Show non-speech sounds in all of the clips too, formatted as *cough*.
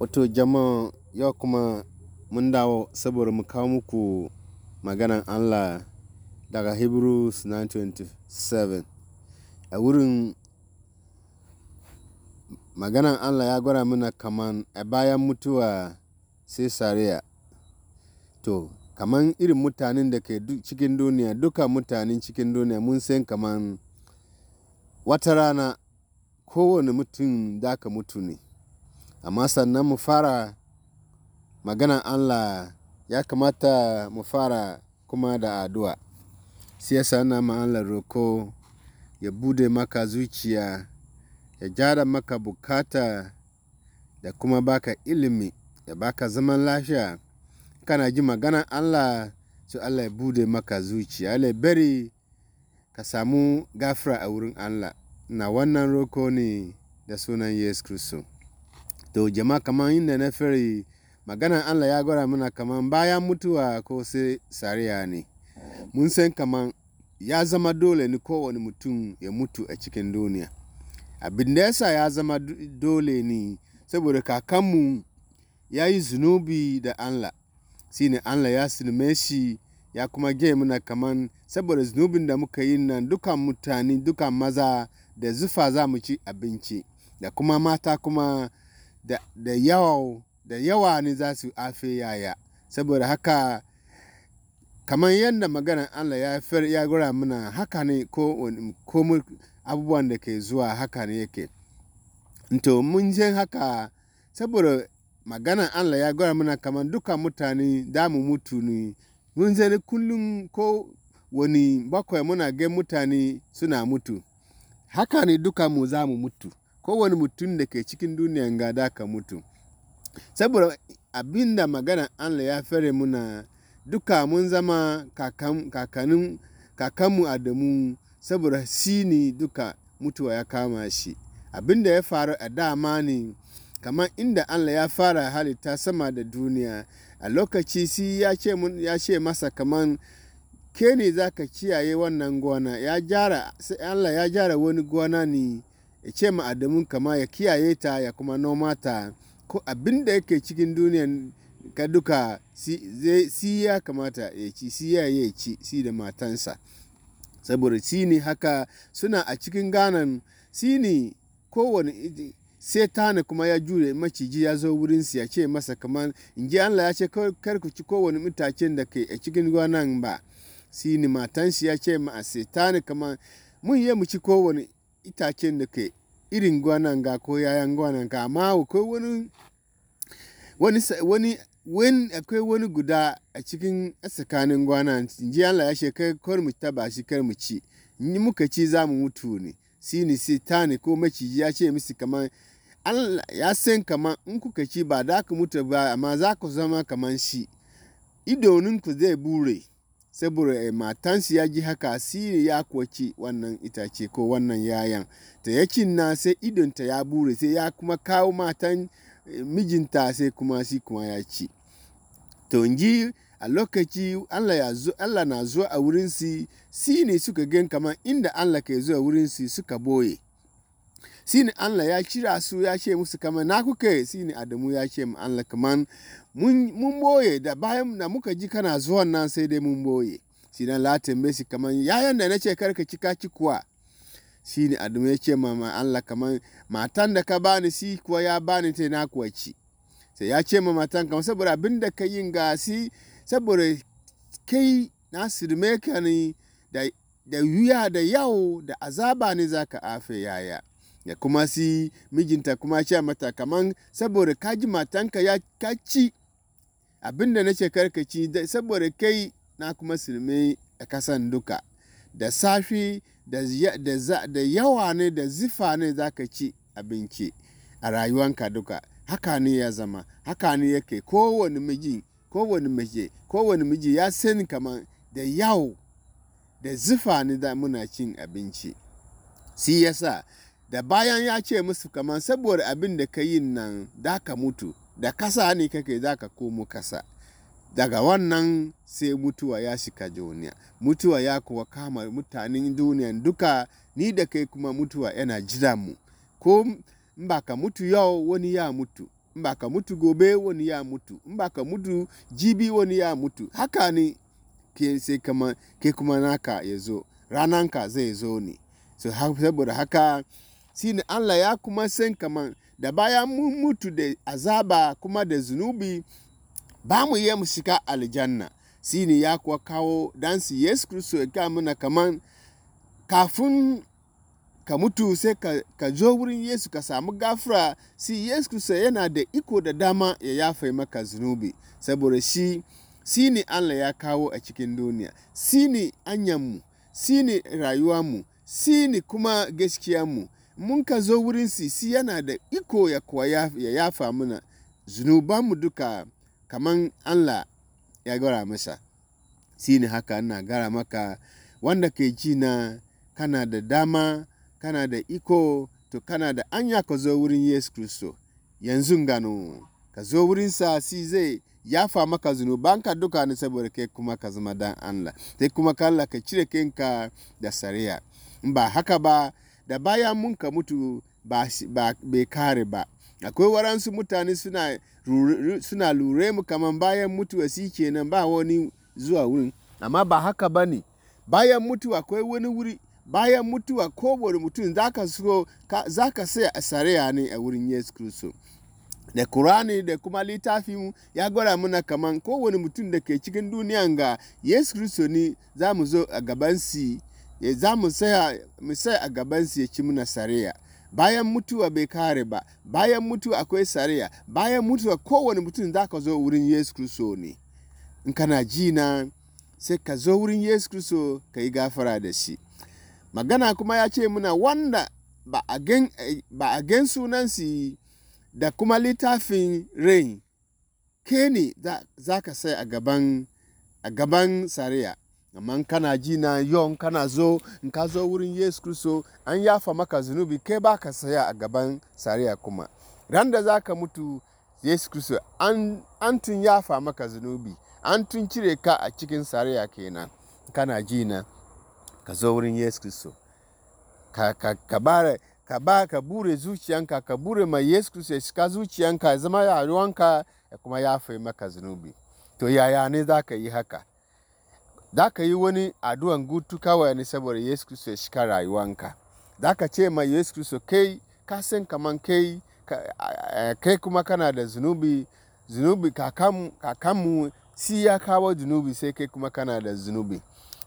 Wato jama'a yau kuma mun dawo saboda mu kawo muku maganan Allah daga Hebrews 9:27. A wurin maganan Allah ya gwara mana kaman a bayan mutuwa sai sariya. To, kaman irin mutanen da ke cikin duniya, duka mutanen cikin duniya mun san kaman wata rana kowane mutum da ka mutu ne. Amma sannan mu fara maganan Allah ya kamata mu fara kuma da addu'a. sai ya ina ma Allah roko ya buɗe maka zuciya, ya gyara maka bukata da kuma baka ilimi, ya baka zaman lafiya. Kana ji maganan Allah, su Allah ya buɗe maka zuciya. Allah ya bari ka samu gafara a wurin Allah. n'a wannan roko ne da sunan Yesu kristo To jama'a kamar inda na fari maganan Allah ya gwada mana kaman bayan mutuwa ko sai sariya ne. Mun san kaman ya zama dole ne kowane mutum ya mutu a cikin duniya. Abin da yasa ya zama dole ne saboda kakanmu ya yi zunubi da Allah. Shi ne Allah ya silme shi ya kuma gaya mana kaman saboda zunubin da muka yi nan dukan mutane dukan maza da zufa za mu ci abinci da kuma mata kuma da, da yawa da yawa ne za su afe yaya saboda haka kamar yadda maganar Allah ya far ya gura mana haka ne ko ko abubuwan da ke zuwa haka ne yake to mun je haka saboda maganar Allah ya gura mana kamar duka mutane damu mutu ne mun je kullum ko wani bakwai muna ga mutane suna mutu haka ne duka za mu mutu kowane mutum da ke cikin duniya ga da ka mutu saboda abinda magana allah ya fere muna duka mun zama kakannin kakanmu damu saboda shi ne duka mutuwa ya kama shi abinda ya faru a dama ne kamar inda allah ya fara halitta sama da duniya a lokaci si ya ce masa kamar ke ne za ka kiyaye wannan gona allah ya jara wani gona ne ya ce ma Adamu kama ya kiyaye ta ya kuma noma ta ko abin da yake cikin duniya ka duka si ya kamata ya ci si ya ya ci si da matansa saboda si ne haka suna a cikin ganan si ne kowane sai ne kuma ya jure maciji ya zo wurin ya ce masa kamar in ji Allah ya ce kar ku ci kowane mutacen da ke a cikin gwanan ba si ne matansa ya ce ma a sai ne kamar mun yi mu ci kowane itacen da ke irin gwanan ga ko yayan gwanan ka amma akwai wani wani guda a cikin tsakanin gwanan ji Allah ya shekai kar mu taba shi kar mu ci ni muka ci za mu mutu ne si ni si ta ne ko maciji ya ce musu kamar Allah ya san kamar in kuka ci ba da ku mutu ba amma za ku zama kamar shi idoninku zai bure saboda eh, matansu ya ji haka siri ya kuwa ci wannan itace ko wannan yayan ta ya na sai idonta ya bure sai ya kuma kawo matan eh, mijinta sai kuma shi kuma ya ci to ji a lokaci allah na zuwa a wurin si ne suka gan kamar inda allah ka zuwa wurin si suka boye shine Allah ya cira su ya ce musu kamar na kuke shine Adamu ya ce mu Allah kaman mun boye da bayan da muka ji kana zuwan nan sai dai mun boye shi Allah tambaye shi kaman yayan da ce karka ci ka ci kuwa shine Adamu ya ce ma Allah kaman matan da ka bani si kuwa ya bani ta na kuwa ci sai ya ce ma matan kamar saboda abin da ka yin gasi saboda kai na sirme ka ne da wuya da yau da azaba ne ka afe yaya ya kuma si mijinta kuma sha mata kaman saboda ka ji matanka ya kaci ci abin da na shekar ka ci saboda kai na kuma sirme a kasan duka da safi da, yawa ne da zifa ne za ka ci abinci a rayuwanka duka haka ne ya zama haka ne yake kowane miji kowane mace kowane miji ya sani kaman da yawo da zifa ne da muna cin abinci si yasa da bayan ya ce musu kamar saboda abin da ka yi nan da ka mutu da kasa ne kake za ka komo kasa daga wannan sai mutuwa ya shiga duniya mutuwa ya kuwa kama mutanen duniyan duka ni da kai kuma mutuwa yana jira mu ko in ba ka mutu yau wani ya mutu in ba ka mutu gobe wani ya mutu in ba ka mutu jibi wani ya mutu haka ne ke sai kama ke kuma naka ya zo ranan ka zai zo ne so saboda haka ne Allah ya kuma san kaman da bayan mun mutu da azaba kuma da zunubi ba mu iya mu shiga aljanna ne ya kuwa kawo su Yesu Kristo ya ga muna kaman kafin ka mutu sai ka zo wurin Yesu ka samu gafura si Yesu Kristo yana da iko da dama ya yafe maka zunubi saboda shi shi ne Allah ya kawo a cikin duniya shi ne anyanmu shi ne rayuwarmu shi ne kuma gaskiyarmu mun ka zo wurin sisi yana da iko ya kuwa ya yafa muna zunubanmu duka kaman Allah ya gara masa. si ne haka ana gara maka wanda ke ji na kana da dama kana da iko to kana da anya ka zo wurin Yesu Kristo yanzu gano ka zo wurinsa si zai yafa maka zunubanka duka ne saboda kai kuma ka zama dan Allah sai kuma ka Allah ka cire kanka da sariya in ba haka ba da bayan mun ka mutu ba bai kare ba akwai waransu mutane suna suna lure mu kaman bayan mutuwa shi kenan ba wani zuwa wurin amma ba haka ba ne bayan mutuwa akwai wani wuri bayan mutuwa kowane mutum za ka sai a sareya ne a wurin yesu kristo da kurani da kuma littafi ya gwada muna kaman kowane mutum da ke cikin duniyan ga yesu kristo ne za mu zo a gabansi ya eh, za mu sai a gabansu ya ci muna sariya bayan mutuwa bai kare ba bayan mutuwa akwai sariya bayan mutuwa kowane mutum za ka zo wurin yesu kristo ne in kana ji na sai ka zo wurin yesu kristo ka yi gafara da shi magana kuma ya ce muna wanda ba a gan eh, su da kuma littafin rain ke ne za ka sai a gaban sariya amma kana ji na yau kana zo in ka zo wurin yesu kristo an yafa maka zunubi kai ba ka saya a gaban sariya kuma ran da za ka mutu yesu kristo an tun yafa maka zunubi an tun cire ka a cikin sariya kenan kana ji na ka zo wurin yesu kristo ka, ka, ka bare ka ba ka bure zuciyanka ka bure mai yesu kristo ya shiga zuciyanka ya zama yaruwanka ya kuma yafa maka zunubi to yaya ne za ka yi haka da ka yi wani addu'an gutu kawai ne saboda yesu kristo ya shiga rayuwanka da ka ce ma yesu kristo kai ka san kamar kai eh, eh, kai kuma kana da zunubi zunubi kakanmu kamu si ya kawo zunubi sai kai kuma kana da zunubi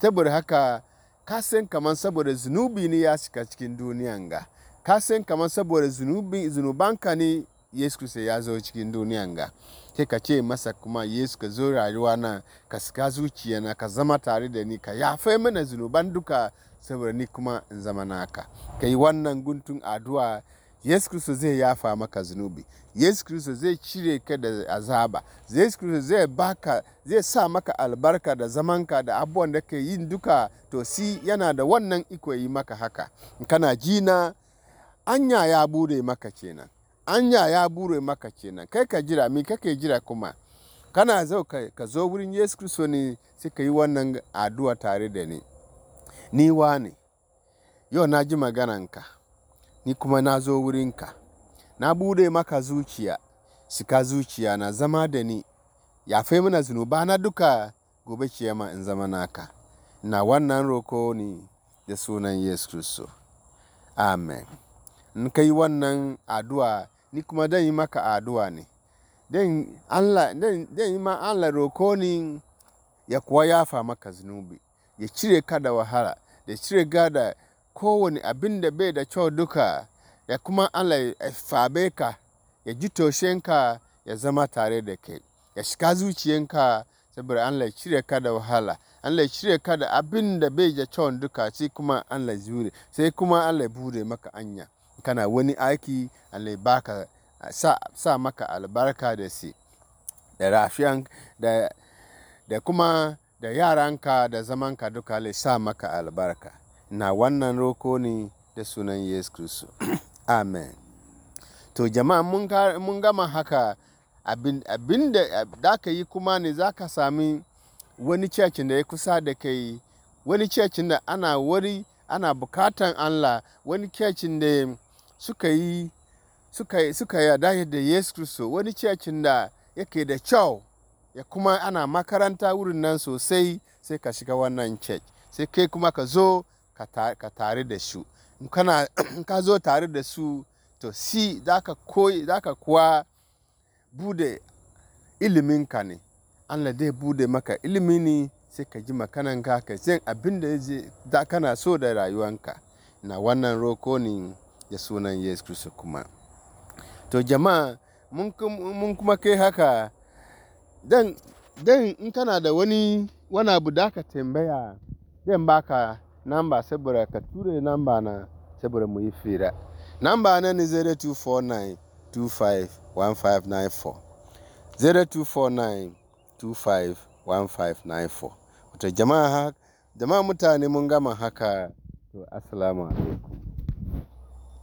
saboda haka ka san kaman saboda zunubi ne ya shiga cikin duniyan ga ka san kaman saboda zunubi zunubanka ne yesu kristo ya zo cikin duniyan ga sai ka ce masa kuma yesu ka zo rayuwa na ka suka zuciya na ka zama tare da ni ka yafe mana zunuban duka saboda ni kuma in zama naka ka yi wannan guntun addu'a yesu kristo zai yafa maka zunubi yesu kristo zai cire ka da azaba yesu kristo zai baka zai sa maka albarka da zamanka da abubuwan da ka yi duka to si yana da wannan iko yi maka haka kana jina anya ya bude maka kenan anya ya bure maka kenan kai ka jira mi kake jira kuma kana zo ka zo wurin yesu kristo ne sai ka yi wannan addu'a tare da ni ni wa ne yau na ji magananka ni kuma na zo wurinka na bude maka zuciya ka zuciya na zama da ni yafe mana zunuba na duka gobe ciyama in zama naka na wannan roko ne da sunan yesu kristo amen in ka yi wannan addu'a ni kuma dan yi maka addu'a ne. Dan yi ma Allah roko ni ya kuwa yafa maka zunubi, ya cire ka da wahala, ya cire ka da kowane abin da bai da kyau duka, ya kuma Allah ya fabe ka, ya ji taushenka ya zama tare da kai, ya shiga zuciyanka saboda Allah ya cire ka da wahala. Allah ya cire ka da abin da bai da kyau duka sai kuma Allah ya zure, sai kuma Allah ya bude maka anya. kana wani aiki Allah baka sa, sa maka albarka da si da rafiyan da kuma da yaranka da zamanka duka Allah sa maka albarka na wannan roko ne da sunan Yesu Kristo *clears throat* amen to jama'a mun gama haka abin, abin da ka yi kuma ne za ka sami wani cecin da ya kusa da kai wani cecin da ana wari ana bukatan Allah wani cecin da suka yi suka suka yarda da Yesu Kristo wani cikin da yake da kyau ya kuma ana makaranta wurin nan sosai sai ka shiga wannan church sai kai kuma ka zo ka tare da su kana *clears throat* ka zo tare da su to si ka koyi ka kuwa bude ka ne Allah buɗe bude maka ilimi ne sai ka ji makanan ka san abin da kana so da rayuwanka na wannan roko ne ya sunan yesu kristo kuma to jama'a mun kuma kai haka dan in kana da wani wani abu da ka tambaya zan baka namba saboda ka ture namba na saboda mu yi fira namba na ne 0249251594 0249251594 wata jama'a jama'a mutane mun gama haka to assalamu alaikum